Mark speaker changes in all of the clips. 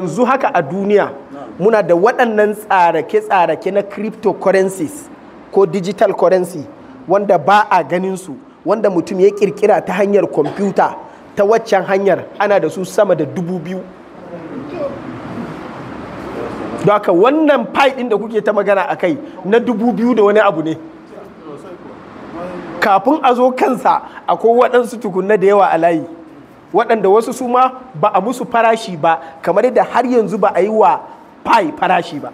Speaker 1: yanzu haka a duniya muna da waɗannan tsarake-tsarake na cryptocurrencies ko digital currency wanda ba a ganin su wanda mutum ya kirkira ta hanyar kwamfuta ta waccan hanyar ana da su sama da dubu biyu haka wannan ɗin da kuke ta magana a kai na dubu biyu da wani abu ne kafin a zo kansa akwai waɗansu tukunna da yawa a layi waɗanda wasu su ma ba a musu farashi ba kamar yadda har yanzu ba a yi wa pi farashi ba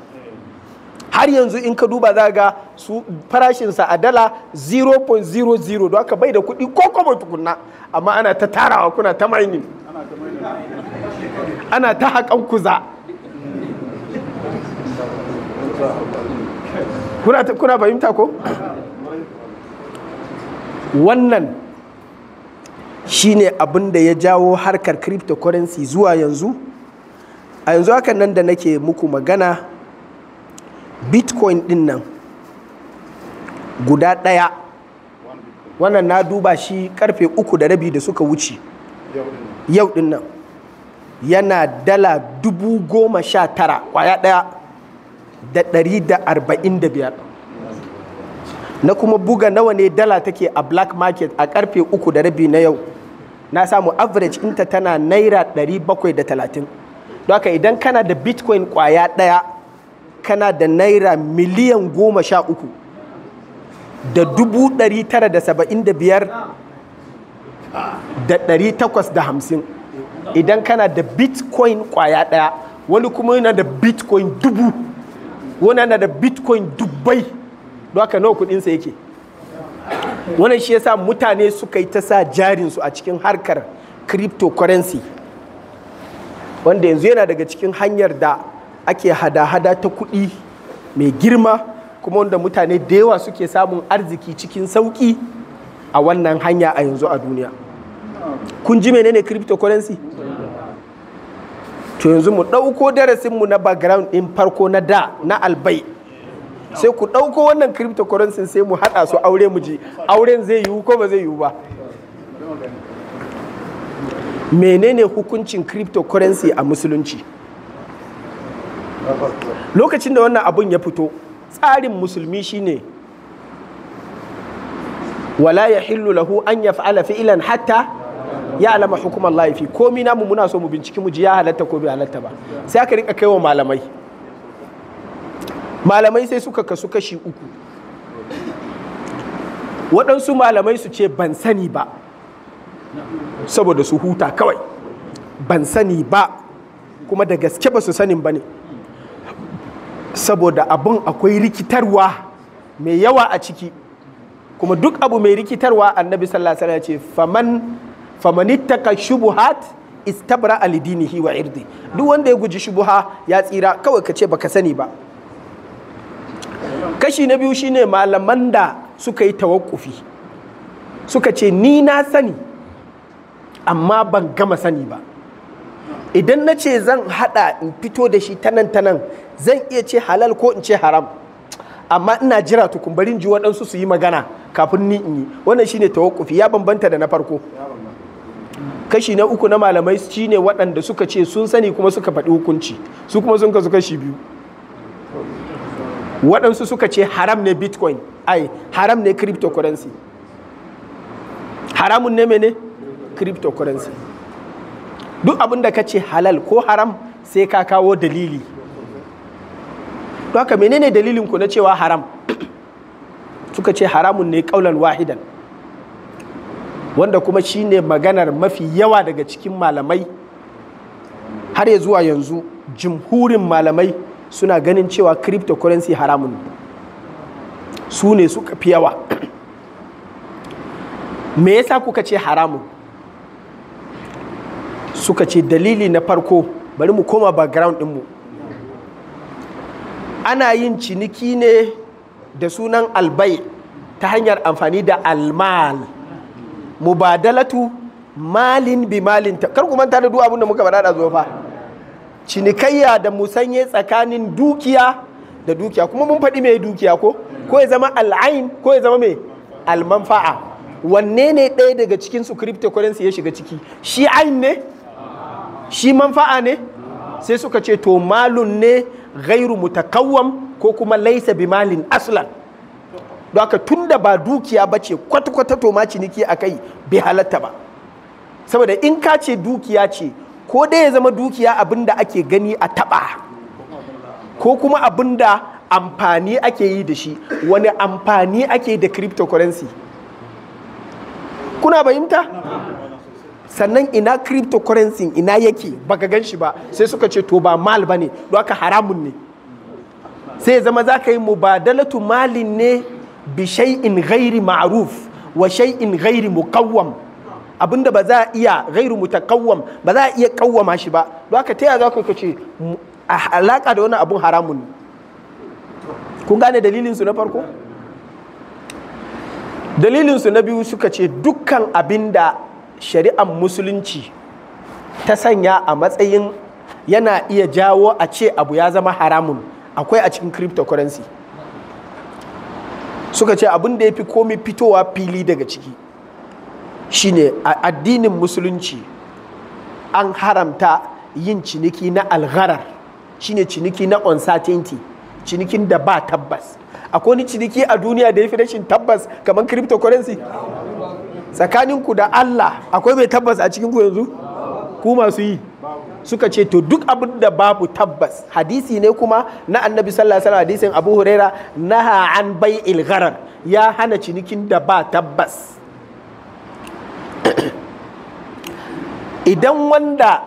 Speaker 1: har yanzu in ka duba za ga su farashinsa a dala 0.00 don aka bai da kuɗi ko kuma tukunna amma ana ta tarawa kuna ta maini ana ta haƙan kuza kuna fahimta ko wannan shine abin da ya jawo harkar cryptocurrency zuwa yanzu a yanzu hakan nan da nake muku magana bitcoin din nan guda ɗaya wannan na duba shi karfe uku da rabi da suka wuce yau din nan yana dala dubu goma sha tara kwaya ɗaya da ɗari da arba'in da biyar na kuma buga nawa ne dala take a black market a karfe uku da rabi na yau na samu average inta tana naira 730 don haka idan kana da bitcoin kwaya ɗaya kana da naira miliyan goma sha uku da dubu dari tara da saba'in da biyar da dari takwas da hamsin idan kana da bitcoin kwaya ɗaya wani kuma yana da bitcoin dubu wani yana da bitcoin dubbai don haka nawa kuɗinsa yake wannan shi yasa mutane suka yi ta sa jarinsu a cikin harkar cryptocurrency wanda yanzu yana daga cikin hanyar da ake hada-hada ta kuɗi mai girma kuma wanda mutane da yawa suke samun arziki cikin sauƙi a wannan hanya a yanzu a duniya kun ji menene cryptocurrency to yanzu mu ɗauko darasinmu na background ɗin farko na da na albai sai ku ɗauko wannan cryptocurrency sai mu haɗa su aure mu ji auren zai yiwu ko ba zai yiwu ba menene hukuncin cryptocurrency a musulunci lokacin da wannan abun ya fito tsarin musulmi shine wala ya hillu lahu an ya fa'ala ilan hatta ya alama hukumar laifi komi namu muna so mu binciki mu ji ya halatta ko bai halatta ba sai aka rika wa malamai malamai sai suka kasu kashi uku waɗansu malamai su ce ban sani ba saboda su huta kawai ban sani ba kuma da gaske ba su sanin ba ne saboda abun akwai rikitarwa mai yawa a ciki kuma duk abu mai rikitarwa annabi sallallahu alaihi ce faman famanittaka shubuhat istabra alidinihi wa irdi duk wanda ya guji shubuha ya tsira kawai ka ce baka sani ba kashi na biyu shine malaman da suka yi tawakkufi suka ce ni na sani amma ban gama sani ba idan na ce zan hada in fito da shi tanan tanan zan iya ce halal ko in ce haram amma ina jira tukun barin ji waɗansu su yi magana kafin ni in yi wannan shine tawakkufi ya bambanta da na farko kashi na uku na malamai shine waɗanda suka ce sun sani kuma suka faɗi hukunci su kuma sun kasu kashi biyu waɗansu suka ce haram ne bitcoin ai haram ne cryptocurrency haramun ne mene cryptocurrency duk abin da ka ce halal ko haram sai ka kawo dalili to haka menene dalilin ku na cewa haram suka ce haramun ne kaular wahidan wanda kuma shi ne maganar mafi yawa daga cikin malamai har ya zuwa yanzu jimhurin malamai suna ganin cewa cryptocurrency haramun su ne suka fi yawa me yasa kuka ce haramun suka ce dalili na farko bari mu koma background dinmu ana yin ciniki ne da sunan albai ta hanyar amfani da almal mubadalatu malin bi malin kar ku manta da duk abin da muka faɗa da zofa. cinikayya da musanye tsakanin dukiya da dukiya kuma mun faɗi mai dukiya ko ko ya zama al'ain ko ya zama mai almanfa'a wanne ne ɗaya daga cikin su cryptocurrency ya shiga ciki shi ain ne shi manfa'a ne sai suka ce to malun ne gairu mutakawwam ko kuma laisa bi malin aslan don haka tun da ba dukiya ba ce kwata-kwata to ma ciniki a kai bai halatta ba saboda in ka ce dukiya ce ko dai ya zama dukiya abin da ake gani a taɓa ko kuma abin amfani ake yi da shi wani amfani ake da cryptocurrency kuna bayimta sannan ina cryptocurrency ina yake baka gan shi ba sai suka ce to ba mal ba ne haramun ne sai ya zama za ka yi mubadalatu malin ne bi shay'in ghairi ma'ruf wa shay'in ghairi muqawwam abinda ba za a iya gairu mutakawwam ba za a iya kawwama shi ba don haka ta za ku kace alaka da wani abun haramun ne kun gane dalilin su na farko dalilin su na biyu suka ce dukkan abinda shari'an shari'ar musulunci ta sanya a matsayin yana iya jawo a ce abu ya zama haramun akwai a cikin cryptocurrency suka ce abin ya fi komi fitowa fili daga ciki shine a addinin musulunci an haramta yin ciniki na algharar shine ciniki na uncertainty cinikin da ba tabbas akwai wani ciniki a duniya da ya fi rashin tabbas kamar cryptocurrency tsakaninku da Allah akwai mai tabbas a cikinku yanzu ku masu yi suka ce to duk abin da babu tabbas hadisi ne kuma na annabi sallallahu alaihi hadisin abu huraira naha an bai ilgharar ya hana cinikin da ba tabbas idan wanda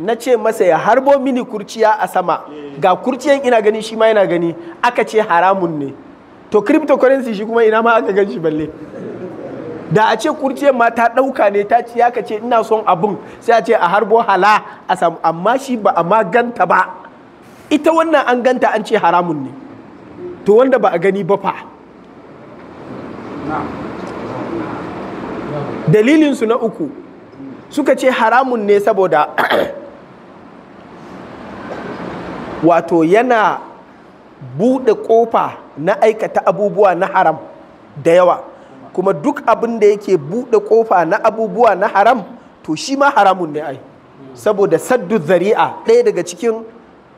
Speaker 1: na ce masa ya harbo mini kurciya a sama ga kurciyan ina gani shi ma yana gani aka ce haramun ne to cryptocurrency shi kuma ina ma aka gan shi balle da a ce kurciyan ma ta ɗauka ne ta ci ka ce ina son abun sai a ce a harbo hala a samu amma shi ba a ma ganta ba ita wannan an ganta an ce haramun ne to wanda ba a gani ba fa dalilinsu na uku suka ce haramun ne saboda wato yana buɗe ƙofa na aikata abubuwa na haram da yawa kuma duk abin da yake buɗe ƙofa na abubuwa na haram to shi ma haramun ne ai saboda saddu zari'a ɗaya daga cikin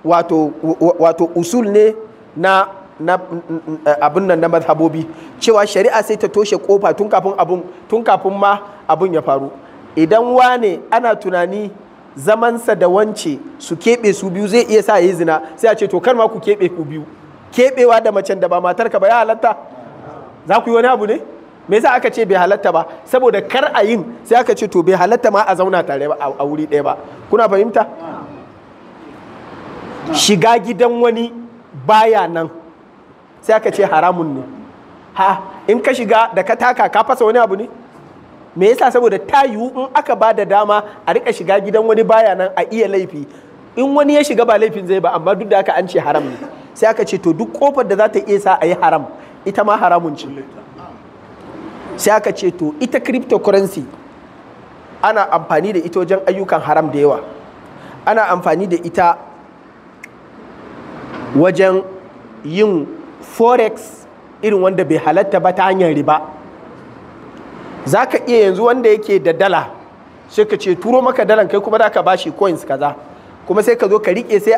Speaker 1: wato, wato usul ne na abin nan na mazhabobi cewa shari'a sai ta toshe kofa tun kafin abun tun kafin ma abun ya faru idan wane ana tunani zamansa da wance su keɓe su biyu zai iya sa yi zina sai a ce to kar ma ku keɓe ku biyu keɓewa da macen da ba matar ka ba ya halatta za ku yi wani abu ne me yasa aka ce bai halatta ba saboda kar a yin sai aka ce to bai halatta ma a zauna tare ba a wuri ɗaya ba kuna fahimta shiga gidan wani baya nan sai aka ce haramun ne ha in ka shiga da ka taka ka fasa wani abu ne me yasa saboda ta yiwu in aka ba da dama a rika shiga gidan wani baya nan a iya laifi in wani ya shiga ba laifin zai ba amma duk da aka an ce haram ne sai aka ce to duk kofar da za ta iya sa a yi haram ita ma haramun ce sai aka ce to ita cryptocurrency ana amfani da ita wajen ayyukan haram da yawa ana amfani da ita wajen yin forex irin wanda bai halatta ba ta hanyar riba za ka iya yanzu wanda yake da dala sai ka ce turo maka dalan kai kuma za ka shi coins kaza kuma sai ka zo ka rike sai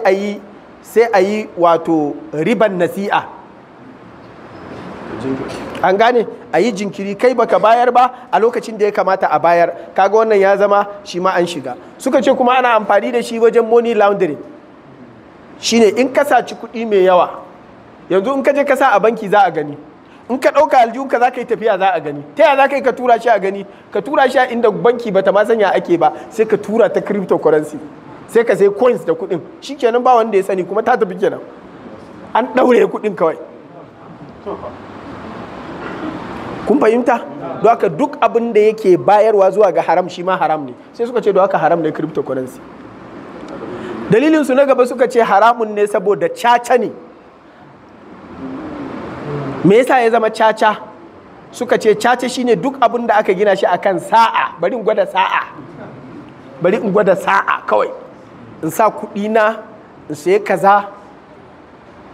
Speaker 1: a yi wato riban nasi'a an gane a yi jinkiri kai baka bayar ba a lokacin da ya kamata a bayar kaga wannan ya zama shi ma an shiga suka ce kuma ana amfani da shi wajen money laundering shine in ka saci kuɗi mai yawa yanzu in ka je ka sa a banki za a gani in ka ɗauka aljihunka za ka yi tafiya za a gani ta yaya za ka yi ka tura shi a gani ka tura shi a inda banki ba ta ma sanya ake ba sai ka tura ta cryptocurrency sai ka sai coins da kuɗin shi kenan ba wanda ya sani kuma ta tafi kenan an ɗaure kuɗin kawai kun fahimta don haka duk abin da yake bayarwa zuwa ga haram shi ma haram ne sai suka ce don haka haram ne cryptocurrency dalilin su na gaba suka ce haramun ne saboda caca ne me yasa ya zama caca suka ce caca shine duk abin da aka gina shi akan sa'a bari in gwada sa'a bari in gwada sa'a kawai in sa kuɗi na in sayi kaza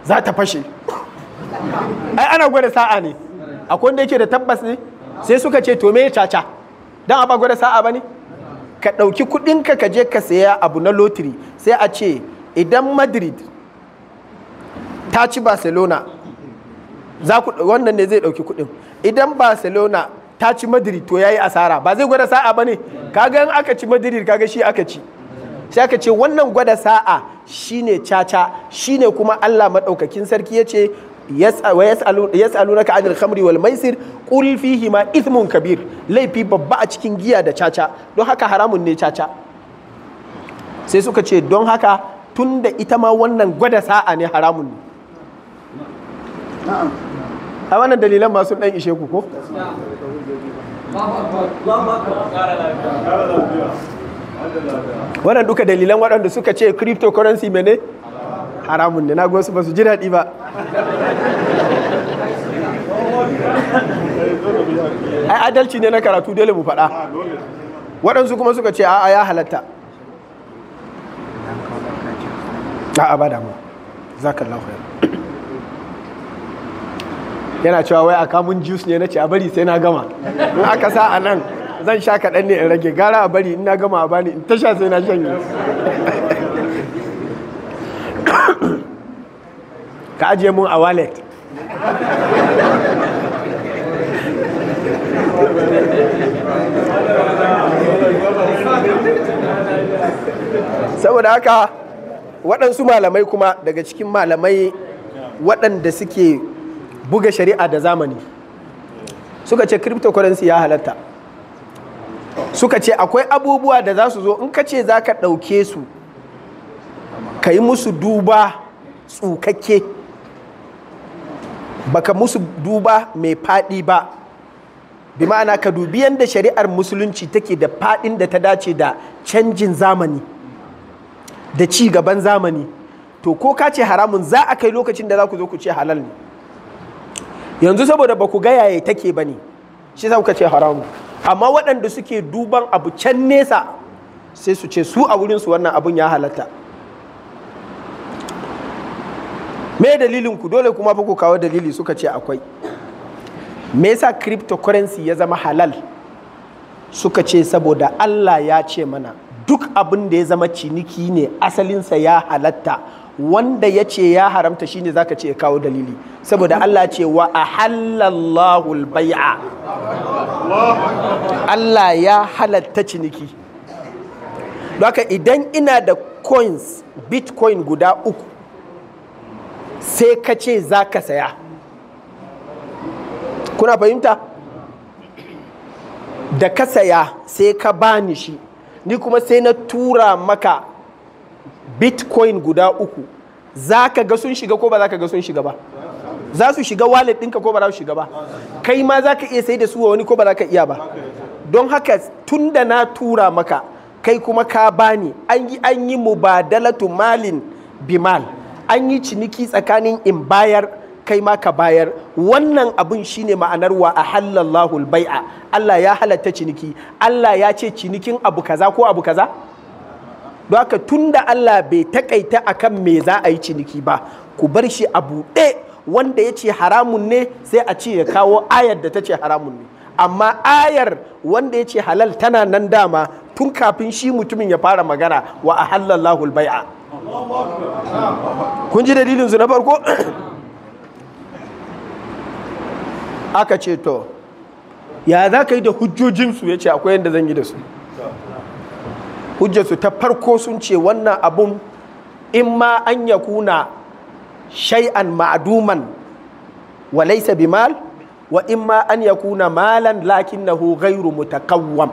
Speaker 1: za ta fashe ai ana gwada sa'a ne akwai wanda yake da tabbas ne sai suka ce to me ya caca dan a ba gwada sa'a bane ka ɗauki kuɗinka ka je ka saya abu na lotiri sai a ce idan madrid ta ci barcelona za ku wannan ne zai ɗauki kuɗin idan barcelona ta ci madrid to yayi asara ba zai gwada sa'a bane kaga in aka ci madrid kaga shi aka ci sai aka ce wannan gwada sa'a shine caca shine kuma Allah madaukakin sarki yace yas'alunaka anil khamri wal maisir qul fihi ma ithmun kabir laifi babba a cikin giya da caca don haka haramun ne caca sai suka ce don haka tunda ita ma wannan gwada sa'a ne haramun ne a wannan dalilan masu ɗan ishe ku ko wannan duka dalilan waɗanda suka ce cryptocurrency mene haramun ne na gosu ba su ji daɗi ba ai adalci ne na karatu dole mu faɗa waɗansu kuma suka ce a'a ya halatta a'a ba damu zakallahu lafiya yana cewa wai a kamun juice ne na ce a bari sai na gama in aka sa a nan zan sha kaɗan ne in rage gara a bari in na gama a bani in ta sha sai na shanye ka ajiye mun a wallet saboda haka waɗansu malamai kuma daga cikin malamai waɗanda suke buga shari'a da zamani suka ce cryptocurrency ya halatta suka ce akwai abubuwa da za su zo in ka ce za ka ɗauke su ka yi musu duba tsukakke baka musu duba mai faɗi ba bi ma'ana ka dubi yadda shari'ar musulunci take da faɗin da ta dace da canjin zamani da ci gaban zamani to ko ka ce haramun za a kai lokacin da za ku zo ku ce halal ne yanzu saboda ba ku ga yaya take ba ne shi za kuka ce haramu amma waɗanda suke duban abu can nesa sai su ce su a wurinsu wannan abun ya halatta me dalilin ku dole kuma fa ku kawo dalili suka ce akwai me yasa cryptocurrency ya zama halal suka ce saboda Allah ya ce mana duk abin da ya zama ciniki ne asalinsa ya halatta wanda ya ce ya haramta shine zaka ce ya kawo dalili saboda Allah ce wa a al-bai'a Allah ya halatta ciniki haka idan ina da coins bitcoin guda uku sai ka ce za ka saya kuna fahimta da ka saya sai ka bani shi ni kuma sai na tura maka bitcoin guda uku za ka ga sun shiga ko ba za ka ga sun shiga ba za su shiga wallet ɗinka ko ba za su shiga ba kai ma za ka iya sai da su wa wani ko ba za ka iya ba don haka tun da na tura maka kai kuma ka bani an yi an yi mubadalatu malin bimal an yi ciniki tsakanin in bayar kai ma ka bayar wannan abin shine ma'anar wa a halallahu bai'a Allah ya halatta ciniki Allah ya ce cinikin abu kaza ko abu kaza don haka da Allah bai takaita kan me za a yi ciniki ba ku bar shi a buɗe wanda ya ce haramun ne sai a ce ya kawo ayar da ta ce haramun ne amma ayar wanda ya ce halal tana nan dama tun kafin shi mutumin ya fara magana wa a halallahu bai'a kun ji dalilin su na farko aka ce to ya za ka yi da hujjojinsu ya ce akwai yadda zan yi da su hujjarsu ta farko sun ce wannan abun in ma an ya kuna shay'an ma'aduman wa laisa mal wa in ma an ya kuna malan lakinnahu ghairu mutakawwam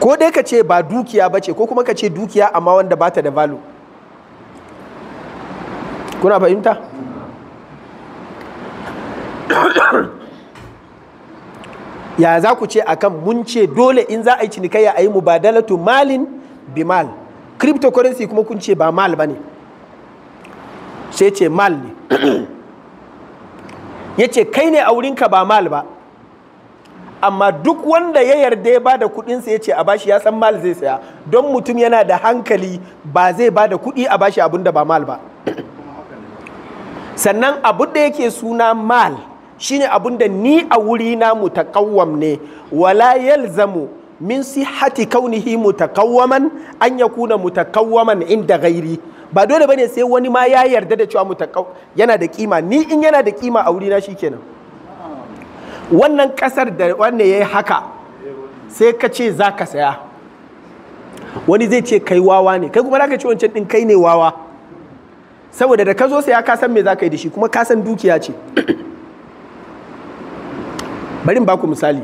Speaker 1: ko dai ka ce ba dukiya ba ce ko kuma ka ce dukiya amma wanda ba ta da value kuna fahimta ya za ku ce akan mun ce dole in za a yi cinikayya a yi mubadalatu malin bi mal cryptocurrency kuma kun ce ba mal ba ne sai ce mal ne ya ce kai ne a wurinka ba mal ba amma duk wanda ya yarda ya bada kudinsa ya ce a bashi ya san mal zai saya don mutum yana da hankali ba zai bada kudi a bashi abin da ba mal ba sannan abu da yake suna mal Shi ne da ni a wuri na mutakawam ne wala yalzamu min sihati kaunihi mutakawwaman an ya kuna mutakawwaman inda gairi ba dole bane sai wani ma ya yarda da cewa mutakaw yana da kima ni in yana da kima a wuri na shikenan wannan kasar da wanne yayi haka sai ka ce za ka saya wani zai ce kai wawa ne kai kuma za ka ce wancan din kai ne wawa saboda da ka zo saya ka san me za ka yi da shi kuma ka san dukiya ce bari ba ku misali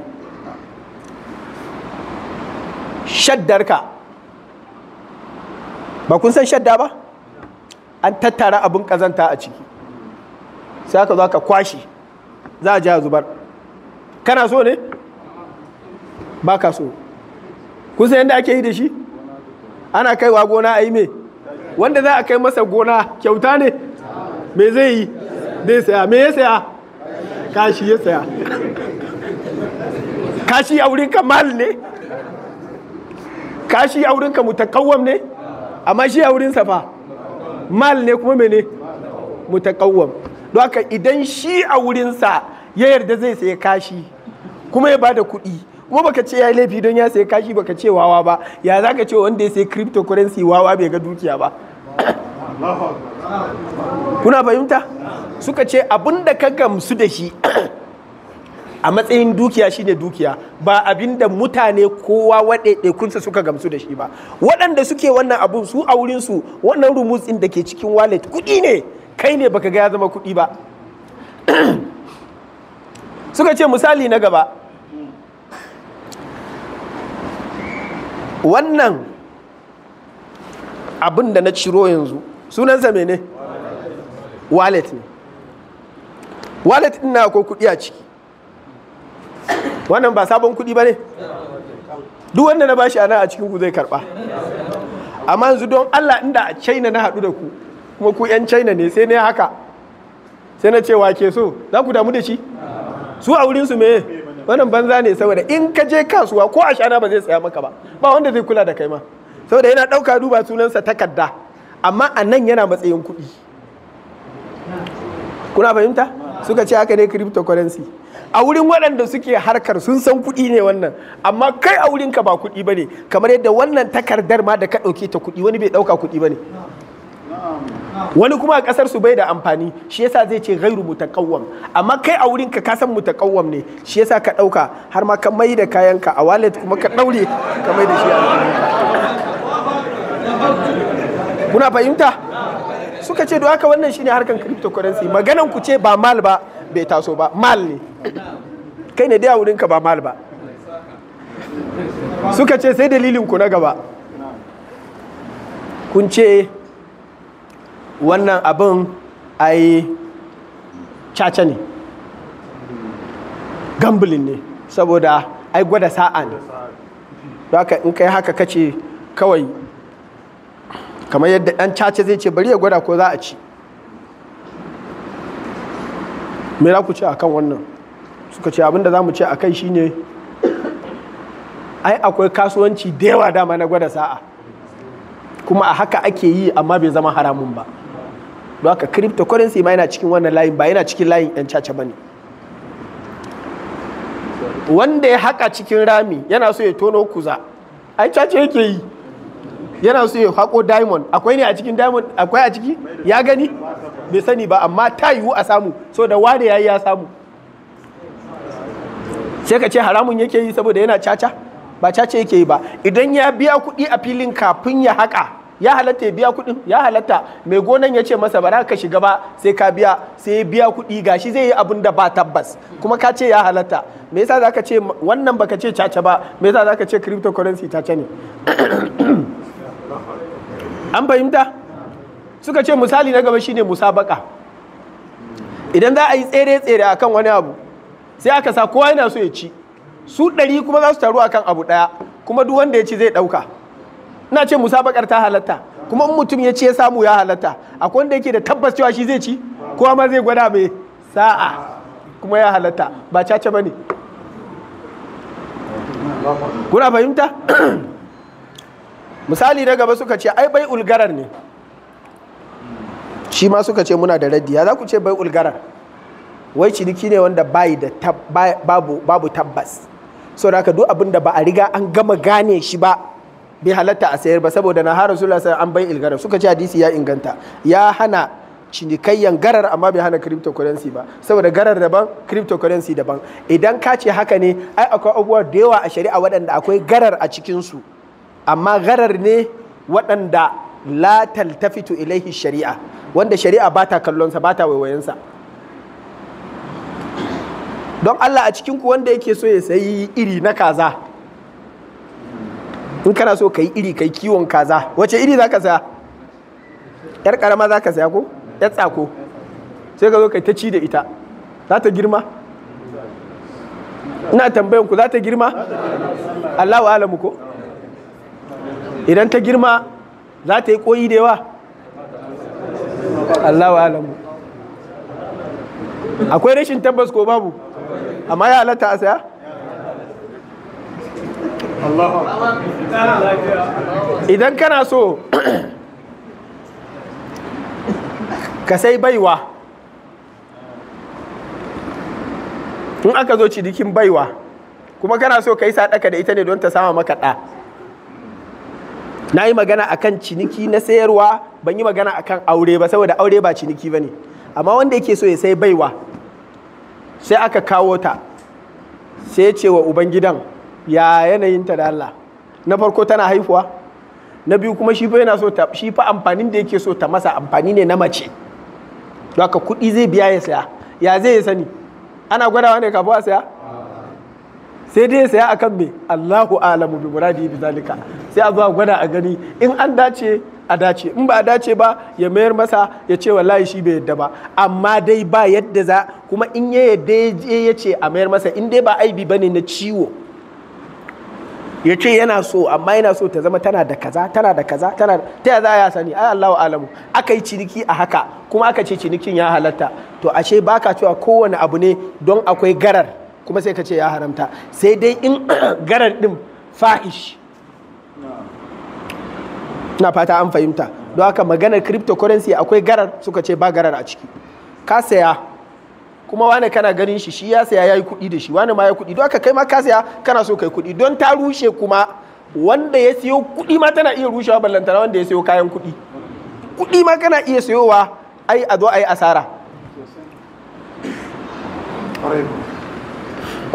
Speaker 1: shaddarka ba kun san shadda ba an tattara abin kazanta a ciki sai aka zo ka kwashi za a jiya zubar kana so ne ba ka so kun san yadda ake yi da shi ana kaiwa gona a yi me wanda za a kai masa gona kyauta ne me zai yi zai saya me ya saya kashi ya saya kashi a wurinka mal ne kashi a wurinka ne amma shi a wurinsa fa mal ne kuma mene mutakawam don haka idan shi a wurinsa ya yarda zai sayi kashi kuma ya bada kuɗi kuma baka ce ya yi laifi don ya sayi kashi baka ce wawa ba ya za ka ce wanda ya sayi cryptocurrency wawa bai ga dukiya ba kuna fahimta suka ce abin da ka gamsu da shi a matsayin dukiya shine dukiya ba abinda mutane kowa kunsa suka gamsu da shi ba waɗanda suke wannan abun su a wurinsu wannan rumus din da ke cikin wallet kuɗi ne kai ne baka ga ya zama kuɗi ba suka ce misali na gaba wannan abin da na ciro yanzu sunansa mene wallet ne wallet ɗin na akwai kuɗi a ciki wannan ba sabon kuɗi ba ne duk wanda na bashi ana a cikin ku zai karba amma yanzu don Allah inda a China na haɗu da ku kuma ku 'yan China ne sai ne haka sai na cewa ke so za ku damu da shi su a wurin su me wannan banza ne saboda in ka je kasuwa ko a shana ba zai tsaya maka ba ba wanda zai kula da kai ma saboda yana ɗauka duba sunansa takarda amma a nan yana matsayin kuɗi kuna fahimta suka ce haka ne cryptocurrency a wurin waɗanda suke harkar sun san kuɗi ne wannan amma kai a wurinka ba kuɗi ba ne kamar yadda wannan takardar ma da ka ɗauke ta kuɗi wani bai ɗauka kuɗi ba ne wani kuma a ƙasar su bai da amfani shi yasa zai ce gairu mutakawwam amma kai a wurinka ka san mutakawwam ne shi yasa ka ɗauka har ma ka mai da kayanka a wallet kuma ka ɗaure ka mai da shi a muna fahimta suka ce do haka wannan shine harkan cryptocurrency maganan ku ce ba mal ba bai taso ba mal ne kai ne dai ka ba mal ba suka ce sai dalilin ku na gaba kun ce wannan abin a yi caca ne gambulin ne saboda ai gwada sa'a ne haka in kai haka kace kawai kamar yadda ɗan caca zai ce bari ya gwada ko za a ci me za ku ce kan wannan suka ce abinda za mu ce a kai shine ai akwai kasuwanci da yawa dama na gwada sa'a kuma a haka ake yi amma bai zama haramun ba don haka cryptocurrency ma yana cikin wannan layin ba yana cikin layin 'yan caca ba ne wanda ya haka cikin rami yana so ya tono kuza ai caca yake yi yana so ya haƙo diamond akwai ne a cikin diamond akwai a ciki ya gani bai sani ba amma ta yiwu a samu so da wane yi ya samu sai ka ce haramun yake yi saboda yana caca ba caca yake yi ba idan ya biya kuɗi a filin kafin ya haƙa ya halatta ya biya kuɗin ya halatta mai gonan ya ce masa bara ka shiga ba sai ka biya sai ya biya kuɗi shi zai yi abin da ba tabbas kuma ka ce ya halatta me yasa ka ce wannan baka ce caca ba me yasa ka ce cryptocurrency caca ne an fahimta suka ce misali na gaba shine musabaka idan za a yi tsere-tsere akan wani abu sai aka sa kowa yana so ya ci su ɗari kuma za su taru akan abu ɗaya kuma duk wanda ya ci zai ɗauka na ce musabakar ta halatta kuma in mutum ya ce ya samu ya halatta akwai wanda yake da tabbas cewa shi zai ci kowa ma zai gwada mai sa'a kuma ya halatta ba caca ba ne kuna fahimta misali na gaba suka ce ai bai ulgarar ne shi ma suka ce muna da raddi ya za ku ce bai ulgarar wai ciniki ne wanda bai da babu tabbas so da duk abin da ba a riga an gama gane shi ba bai halatta a sayar ba saboda na har rasulullah sai an bai ulgarar suka ce hadisi ya inganta ya hana cinikayyan garar amma bai hana cryptocurrency ba saboda garar daban cryptocurrency daban idan ka ce haka ne ai akwai abubuwa da yawa a shari'a waɗanda akwai garar a cikinsu su amma gharar ne waɗanda la taltafitu ilaihi shari'a wanda shari'a ba ta kallonsa ba ta waiwayensa don Allah a cikinku wanda yake so ya sayi iri na kaza in kana so ka yi iri kai kiwon kaza wace iri za ka saya yar karama za ka saya ko yar tsako sai ka zo kai ta ci da ita za ta girma ina tambayan ku za ta girma Allahu alamu ko idan ta girma za ta yi koyi da yawa allahu alamu akwai rashin tabbas ko babu amma ya halatta a saya idan kana so ka sai baiwa in aka zo cidikin baiwa kuma kana so ka yi sadaka da ita ne don ta sama maka ɗa na yi magana a kan ciniki na sayarwa ban yi magana a kan aure ba saboda aure ba ciniki ba ne amma wanda yake so ya sai baiwa sai aka kawo ta sai ce wa ubangidan ya yanayinta da Allah na farko tana haihuwa? na biyu kuma shi fa yana so ta shi fa amfanin da yake so ta masa amfani ne na mace haka kuɗi zai biya ya saya ya zai ya sani ana gwadawa ne kafin a saya sai dai saya akan me Allahu alamu bi muradi bi zalika sai a zuwa gwada a gani in an dace a dace in ba a dace ba ya mayar masa ya ce wallahi shi bai yadda ba amma dai ba yadda za kuma in ya yadda ya ce a mayar masa in dai ba aibi bane na ciwo ya ce yana so amma yana so ta zama tana da kaza tana da kaza tana ta ya za ya sani ai Allahu alamu aka yi ciniki a haka kuma aka ce cinikin ya halatta to ashe baka cewa kowane abu ne don akwai garar kuma sai ka ce ya haramta sai dai in garar din fahish na fata an fahimta don haka maganar cryptocurrency akwai garar suka ce ba garar a ciki ka saya kuma wane kana ganin shi shi ya saya ya yi kuɗi da shi wane ma ya kuɗi don haka kai ma ka saya kana so kai kuɗi don ta rushe kuma wanda ya siyo kuɗi ma tana iya rushewa ballantana wanda ya siyo kayan kuɗi kuɗi ma kana iya sayowa ai a zo a yi asara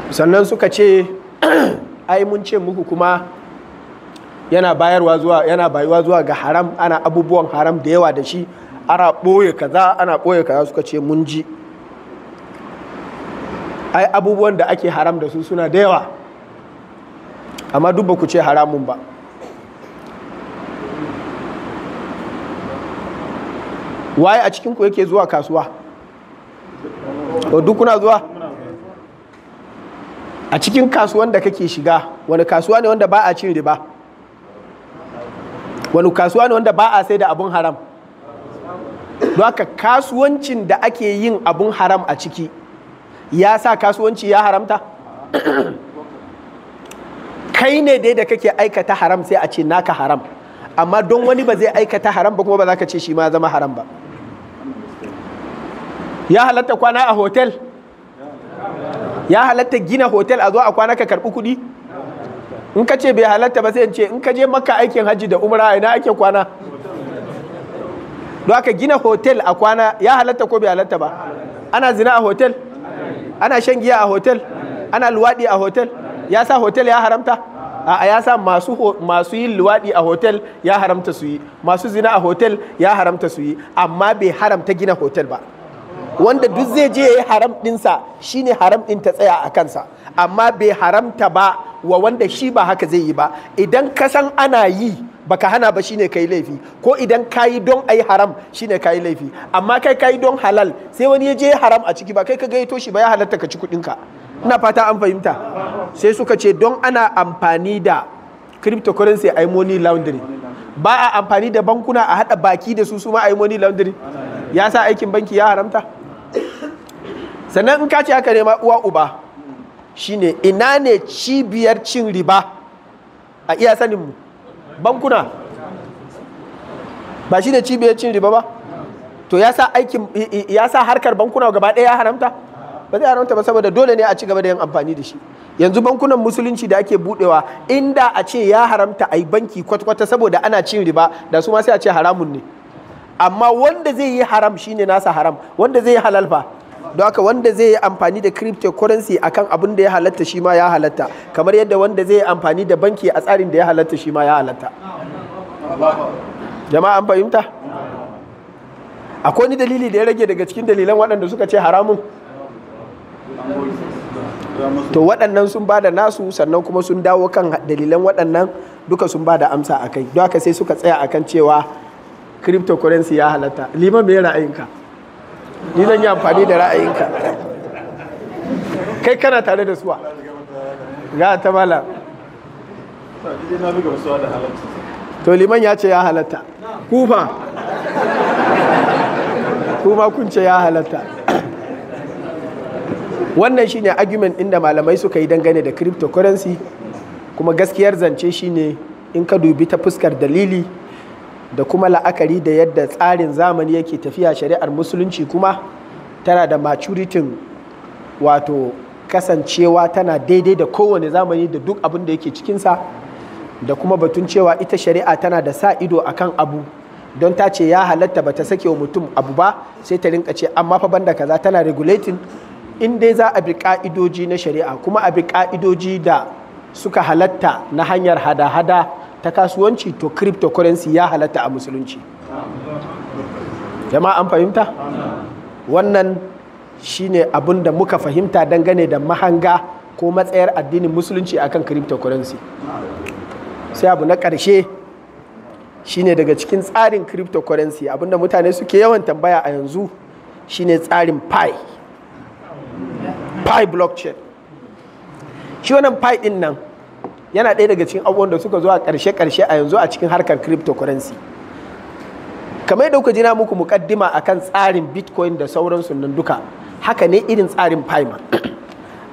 Speaker 1: sannan suka ce ai mun ce muku kuma yana bayarwa zuwa yana bayuwa zuwa ga haram ana abubuwan haram da yawa da shi ana ɓoye kaza ana ɓoye kaza suka ce mun ji ai abubuwan da ake haram da su suna da yawa amma duk ba ku ce haramun ba waye a cikinku yake zuwa kasuwa duk kuna zuwa a cikin kasuwan da kake shiga wani kasuwa ne wanda ba a cin riba wani kasuwa ne wanda ba a sai da abun haram don haka kasuwancin da ake yin abun haram a ciki ya sa kasuwanci ya haramta kai ne dai da kake aikata haram sai a ce naka haram amma don wani ba zai aikata haram ba kuma ba za ka ce shi ma zama haram ba ya halatta kwana a hotel ya halatta gina hotel a zo a kwana ka karɓi kuɗi in ka ce bai halatta ba sai in ce in ka je maka aikin hajji da umra ina ake kwana don aka gina hotel a kwana ya halatta ko bai halatta ba ana zina a hotel ana shan giya a hotel ana luwaɗi a hotel ya sa hotel ya haramta a ya sa masu yin luwaɗi a hotel ya haramta su yi masu zina a hotel ya haramta su yi amma bai haramta gina hotel ba wanda duk zai je ya yi haram ɗinsa shine haram ɗin ta tsaya a kansa amma bai haramta ba wa wanda shi ba haka zai yi ba idan ka san ana yi baka hana ba shine kai laifi ko idan kayi don ayi haram shine kayi laifi amma kai kayi don halal sai wani ya je ya haram a ciki ba kai ka gaito shi ba ya halatta ka ci kuɗinka. ina fata an fahimta sai suka ce don ana amfani da cryptocurrency ai money laundry ba a amfani da bankuna a hada baki da su su ma ai money laundry ya sa aikin banki ya haramta sannan in ka ce aka nema uwa uba shine ina ne cibiyar cin riba a iya mu bankuna ba shine cibiyar cin riba ba to ya sa aikin ya harkar bankuna gaba ɗaya ya haramta ba zai haramta ba saboda dole ne a ci gaba da yin amfani da shi yanzu bankunan musulunci da ake budewa inda a ce ya haramta a yi banki kwatkwata saboda ana cin riba da su ma sai a ce haramun ne amma wanda zai yi haram shine nasa haram wanda zai yi halal fa don haka wanda zai yi amfani da cryptocurrency akan abin da ya halatta shi ma ya halatta kamar yadda wanda zai yi amfani da banki a tsarin da ya halatta shi ma ya halatta jama'a an fahimta akwai wani dalili da ya rage daga cikin dalilan waɗanda suka ce haramun to waɗannan sun ba da nasu sannan kuma sun dawo kan dalilan waɗannan duka sun ba da amsa a kai don haka sai suka tsaya akan cewa cryptocurrency ya halatta liman me ra'ayinka ni zan yi amfani da ra'ayinka kai kana tare da suwa ga ta mala to liman ya ce ya halatta kufa kuma kun ce ya halatta wannan shine argument ɗin da malamai suka yi dangane da cryptocurrency kuma gaskiyar zance shine in ka dubi ta fuskar dalili da kuma la'akari da yadda tsarin zamani yake tafiya shari'ar musulunci kuma tana da maturitin wato kasancewa tana daidai da kowane zamani da duk abin da yake cikinsa da kuma batun cewa ita shari'a tana da sa ido a kan abu don ta ce ya halatta ba ta sake wa mutum abu ba sai ta rinka ce amma fa banda kaza tana regulating in dai za a bi ka'idoji na shari'a kuma a bi ka'idoji da suka halatta na hanyar hada-hada ta kasuwanci to cryptocurrency ya halatta a musulunci jama'a an fahimta wannan shine abin da muka fahimta dangane da mahanga ko matsayar addinin musulunci akan cryptocurrency sai abu na ƙarshe shine daga cikin tsarin cryptocurrency abinda mutane suke yawan tambaya a yanzu shine tsarin pi pi blockchain shi wannan pi din nan yana ɗaya daga cikin abubuwan da suka zo a ƙarshe-ƙarshe a yanzu a cikin harkar cryptocurrency kamar yadda kuka jina muku mukaddima akan tsarin bitcoin da sauransu nan duka haka ne irin tsarin paima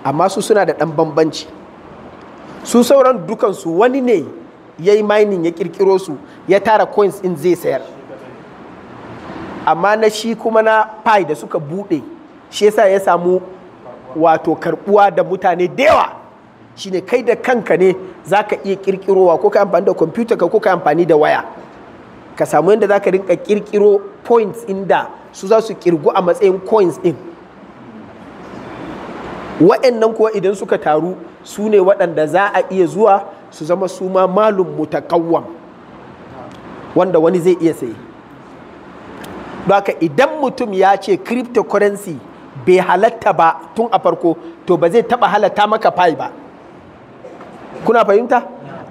Speaker 1: amma su suna da ɗan bambanci su sauran dukansu wani ne ya yi mining ya kirkiro su ya tara coins in zai sayar amma na shi kuma na pi da suka buɗe shi yasa ya samu wato karbuwa da mutane da yawa shine kai da kanka ne za ka iya kirkirowa ko ka amfani da kwamfuta ka ko ka amfani da waya ka samu yadda za ka rinka kirkiro points inda su za su kirgu a matsayin coins din wa'annan kuwa idan suka taru su ne waɗanda za a iya zuwa su zama su ma malum mutakawwam wanda wani zai iya sayi baka idan mutum ya ce cryptocurrency bai halatta ba tun a farko to ba zai taba halatta maka fai ba kuna fahimta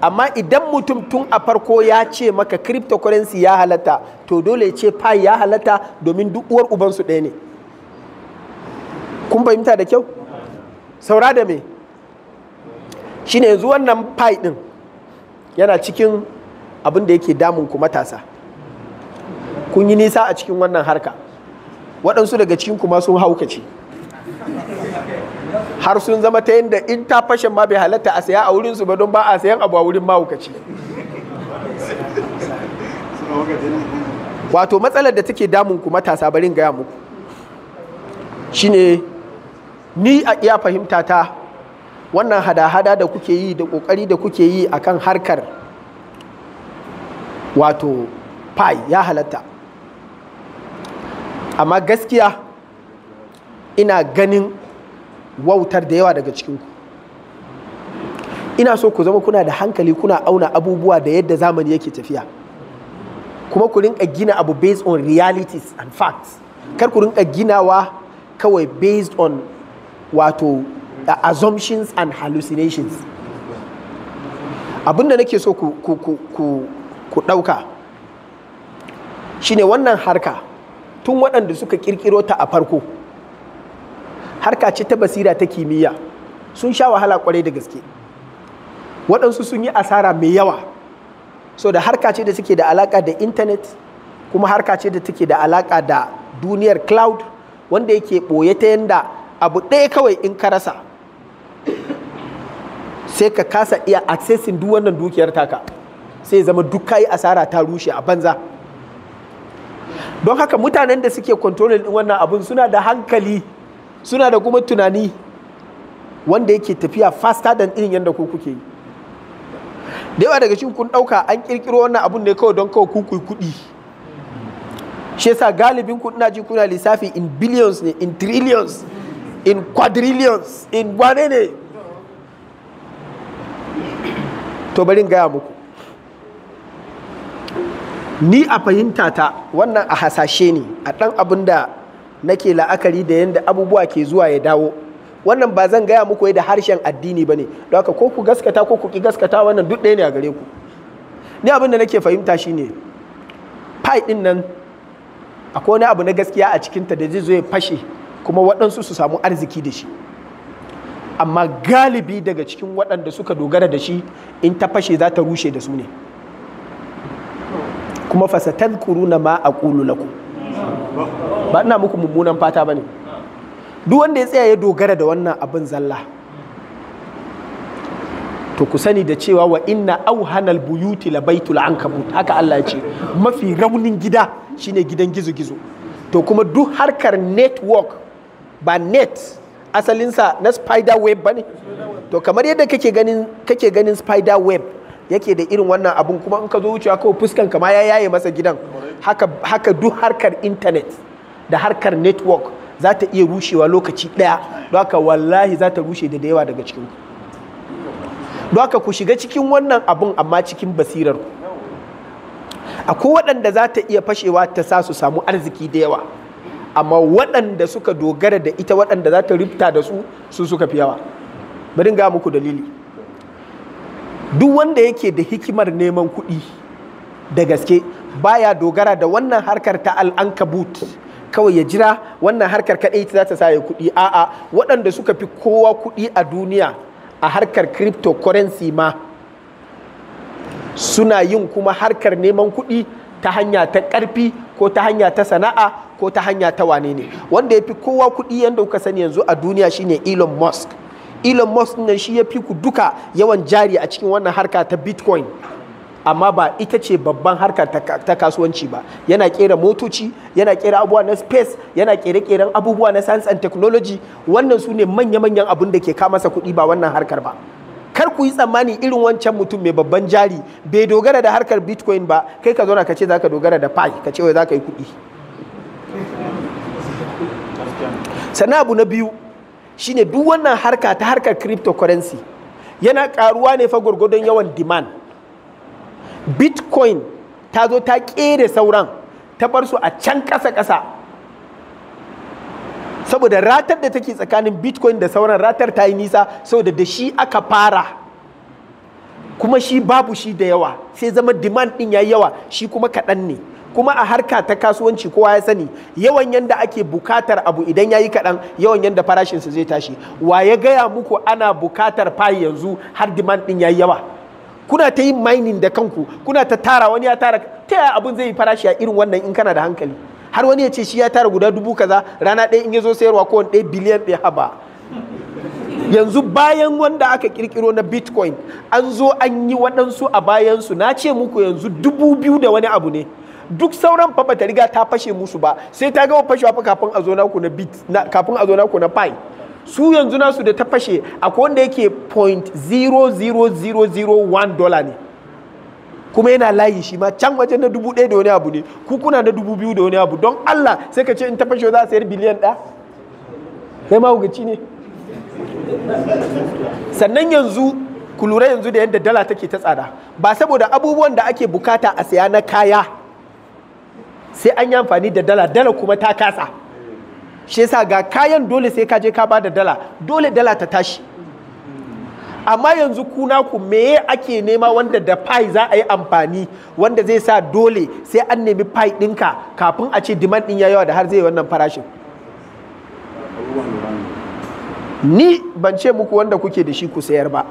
Speaker 1: amma idan mutum tun a farko ya ce maka cryptocurrency ya halatta to dole ce pi ya halatta domin duk uwar ubansu ɗaya ne kun fahimta da kyau saura da me shine yanzu wannan pi ɗin yana cikin abin da yake damun ku matasa kun yi nisa a cikin wannan harka waɗansu daga cikin kuma sun haukace har sun zama ta yadda in ta fashin ma bai halatta a saya a wurin su ba don ba a sayan abu a wurin mahaukaci wato matsalar da take damun ku matasa barin gaya muku shine ni a iya fahimta ta wannan hada-hada da kuke yi da kokari da kuke yi akan harkar wato pi ya halatta amma gaskiya ina ganin wautar da yawa daga cikinku ina so ku zama kuna da hankali kuna auna abubuwa da yadda zamani yake tafiya kuma ku rinka gina abu based on realities and facts kar ku rinka ginawa kawai based on wato assumptions and hallucinations abinda nake so ku, ku, ku, ku, ku ɗauka shine wannan harka tun waɗanda suka ƙirƙiro ta a farko harka ce ta basira ta kimiyya sun sha wahala kwarai da gaske waɗansu sun yi asara mai yawa so da harka ce da suke da alaka da intanet kuma harka ce da take da alaka da duniyar cloud wanda yake ɓoye ta yanda abu ɗaya kawai in ka rasa sai ka kasa iya accessing duk wannan dukiyar taka sai zama duk kayi asara ta rushe a banza don haka mutanen da suke controlling din wannan abun suna da hankali suna da kuma tunani wanda yake tafiya faster than irin yadda ku kuke yi da yawa daga cikin kun ɗauka an ƙirƙiro wannan abun ne kawai don kawai kuku kuɗi shi yasa galibin ku ina ji kuna lissafi in billions ne in trillions in quadrillions in wane ne to bari gaya muku ni a fahimta ta wannan a hasashe ne a ɗan abin da nake la'akari da yadda abubuwa ke zuwa ya dawo wannan ba zan gaya muku da harshen addini ba ne don haka ko ku gaskata ko ku ki gaskata wannan duk ɗaya ne a gare ku ni abin da nake fahimta shine pai ɗin nan akwai wani abu na gaskiya a cikinta da zai zo ya fashe kuma waɗansu su samu arziki da shi amma galibi daga cikin waɗanda suka dogara da shi in ta fashe za ta rushe da su ne kuma fasatan kuruna ma a lakum ba ina muku mummunan fata ba ne duk wanda ya tsaya ya dogara da wannan abin zalla to ku sani da cewa wa inna auhanal buyuti la baitul ankabut haka Allah ya ce mafi raunin gida shine gidan gizo-gizo to kuma duk harkar network ba net asalinsa na spider web ba ne to kamar yadda kake ganin kake ganin spider web yake da irin wannan abun kuma in ka zo wucewa kawai fuskan kama ya yaye masa gidan haka, duk harkar intanet da harkar network za ta iya rushewa lokaci ɗaya don haka wallahi za ta rushe da yawa daga cikin don haka ku shiga cikin wannan abun amma cikin basirar akwai waɗanda za ta iya fashewa ta sa su samu arziki da yawa amma waɗanda suka dogara da ita waɗanda za ta rifta da su su suka fi yawa bari ga muku dalili duk wanda yake da hikimar neman kuɗi da gaske baya dogara da wannan harkar ta al'ankabut kawai ya jira wannan harkar kaɗai za ta sa ya kuɗi a'a waɗanda suka fi kowa kuɗi a duniya a harkar cryptocurrency ma suna yin kuma harkar neman kuɗi ta hanya ta ƙarfi ko ta hanya ta sana'a ko ta hanya ta wane ne wanda ya fi kowa kuɗi yadda kuka sani yanzu a duniya shine elon musk Elon Musk nan shi ya fi ku duka yawan jari a cikin wannan harka ta Bitcoin amma ba ita ce babban harka ta kasuwanci ba yana kera motoci yana kera abubuwa na space yana kere keren abubuwa na science and technology wannan su ne manya-manyan abun da ke kamasa kuɗi ba wannan harkar ba kar ku yi tsammani irin wancan mutum mai babban jari bai dogara da harkar bitcoin ba kai ka zauna ka ce za ka dogara da pi ka ce wai za ka yi kuɗi sannan abu na biyu shine duk wannan harka ta harkar cryptocurrency yana karuwa ne fa gwargwadon yawan demand bitcoin ta zo ta kere sauran ta bar su a can ƙasa-ƙasa saboda ratar da take tsakanin bitcoin da sauran ratar ta yi nisa saboda da shi aka fara kuma shi babu shi da yawa sai zama demand ɗin ya yawa shi kuma kaɗan ne kuma a harka ta kasuwanci kowa ya sani yawan yanda ake bukatar abu idan yayi kaɗan yawan yanda farashinsa zai tashi wa ya gaya muku ana bukatar fayi yanzu har diman ɗin yayi yawa kuna ta yin mining da kanku kuna ta tara wani ya tara ta yaya abin zai yi farashi a irin wannan in kana da hankali har wani ya ce shi ya tara guda dubu kaza rana ɗaya in ya zo sayarwa ko wani ɗaya biliyan ɗaya haba yanzu bayan wanda aka kirkiro na bitcoin an zo an yi waɗansu a bayansu na ce muku yanzu dubu biyu da wani abu ne duk sauran fa bata riga ta fashe musu ba sai ta gama fashewa fa kafin a zo na ku na bit kafin a zo na ku na pi su yanzu nasu da ta fashe akwai wanda yake 0.00001 dollar ne kuma yana layi shi ma can wajen na dubu ɗaya da wani abu ne ku kuna na dubu biyu da wani abu don Allah sai ka ce in ta fashe za a sayar biliyan ɗa. kai ma gaci ne sannan yanzu ku lura yanzu da yadda dala take ta tsada ba saboda abubuwan da ake bukata a saya na kaya sai an yi amfani da dala dala kuma ta kasa shi yasa ga kayan dole sai ka je ka ba da dala dole dala ta tashi amma yanzu kuna ku meye ake nema wanda da pai za a yi amfani wanda zai sa dole sai an nemi pai ɗinka kafin a ce diman ɗin ya yawa da har zai wannan farashin ni ban ce muku wanda kuke da shi ku sayar ba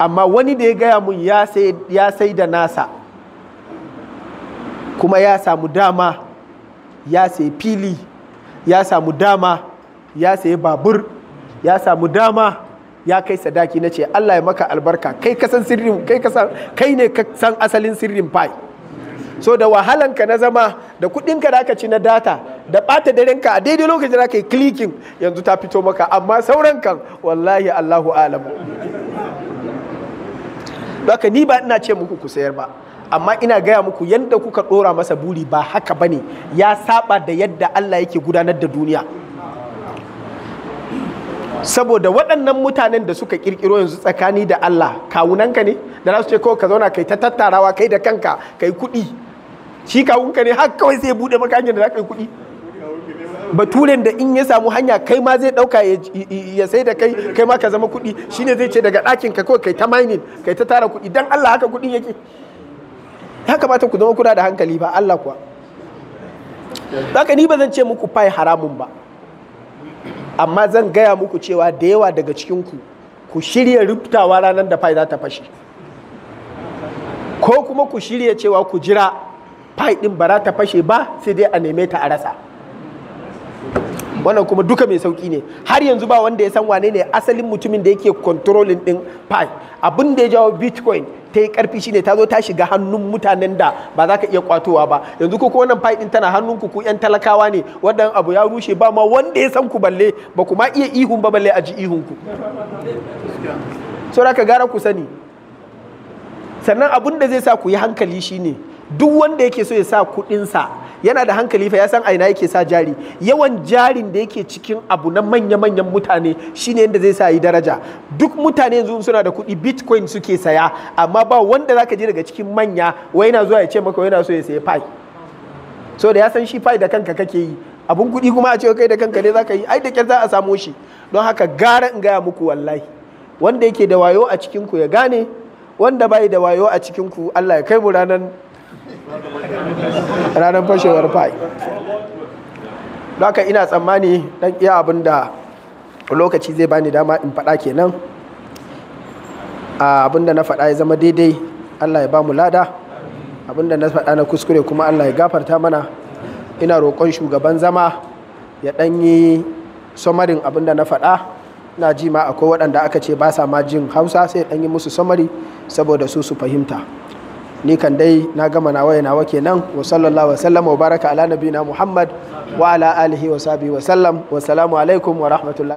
Speaker 1: amma wani da ya gaya mun ya sai da nasa kuma ya samu dama ya sayi fili ya samu dama ya sayi babur ya samu dama ya kai sadaki na ce Allah ya maka albarka kai kasan sirrin kai kasan kai ne ka asalin sirrin fai so da wahalanka na zama da kudinka da aka ci na data da bata darenka a daidai lokacin da aka yi clicking yanzu ta fito maka amma sauran kan wallahi Allahu alam haka ni ba ina ce muku ku sayar ba amma ina gaya muku yadda kuka ɗora masa buri ba haka ba ne ya saba da yadda Allah yake gudanar da duniya saboda waɗannan mutanen da suka ƙirƙiro yanzu tsakani da Allah kawunanka ne da za su ce ko ka zauna kai ta tattarawa kai da kanka kai kuɗi shi kawunka ne har kawai zai buɗe maka hanyar da za ka yi kuɗi baturen da in ya samu hanya kai ma zai ɗauka ya sai da kai kai ma ka zama kuɗi shine zai ce daga ɗakin ka kawai kai ta mining kai ta tara kuɗi dan Allah haka kuɗin yake ya kamata ku zama kuna da hankali ba Allah kuwa haka ni ba zan ce muku fai haramun ba amma zan gaya muku cewa da yawa daga cikinku ku shirya rubtawa ranar da fai za ta fashe ko kuma ku shirya cewa ku jira fai din ba za ta fashe ba sai dai a neme ta a rasa wannan kuma duka mai sauki ne har yanzu ba wanda ya san wane ne asalin mutumin da yake controlling din pi abin da ya jawo bitcoin ta yi karfi shine ta zo ta shiga hannun mutanen da ba za ka iya kwatowa ba yanzu ko ko wannan fight tana hannun ku ku yan talakawa ne wannan abu ya rushe ba ma wanda ya san ku balle ba kuma iya ihun ba balle a ji ihun ku saboda ka gara ku sani sannan abun da zai sa ku yi hankali shine duk wanda yake so ya sa kuɗinsa yana da hankali fa ya san aina yake sa jari yawan jarin da yake cikin abu na manya-manyan mutane shine yadda zai sa yi daraja duk mutane yanzu suna da kuɗi bitcoin suke saya amma ba wanda zaka je daga cikin manya wai yana zuwa ya ce maka yana so ya sayi fai. so da ya san shi fai da kanka kake yi abun kuɗi kuma a ce kai da kanka ne zaka yi ai da kyar za a samo shi don haka gara in gaya muku wallahi wanda yake da wayo a cikin ku ya gane wanda bai da wayo a cikin ku Allah ya kai mu ranar ranar fashewar fai haka ina tsammani dan iya abin da lokaci zai bani dama in faɗa kenan abin da na faɗa ya zama daidai allah ya ba mu lada abin da na faɗa na kuskure kuma allah ya gafarta mana ina roƙon shugaban zama ya ɗan yi samarin abin da na faɗa na ji akwai waɗanda aka ce ba sa ma jin hausa sai ɗan yi musu samari saboda su su fahimta ni kan dai na gama na ya nawa kenan wa sallallahu wa sallam wa baraka ala nabina muhammad wa ala alihi wa sahbihi wa sallam wa salamu alaikum wa rahmatullahi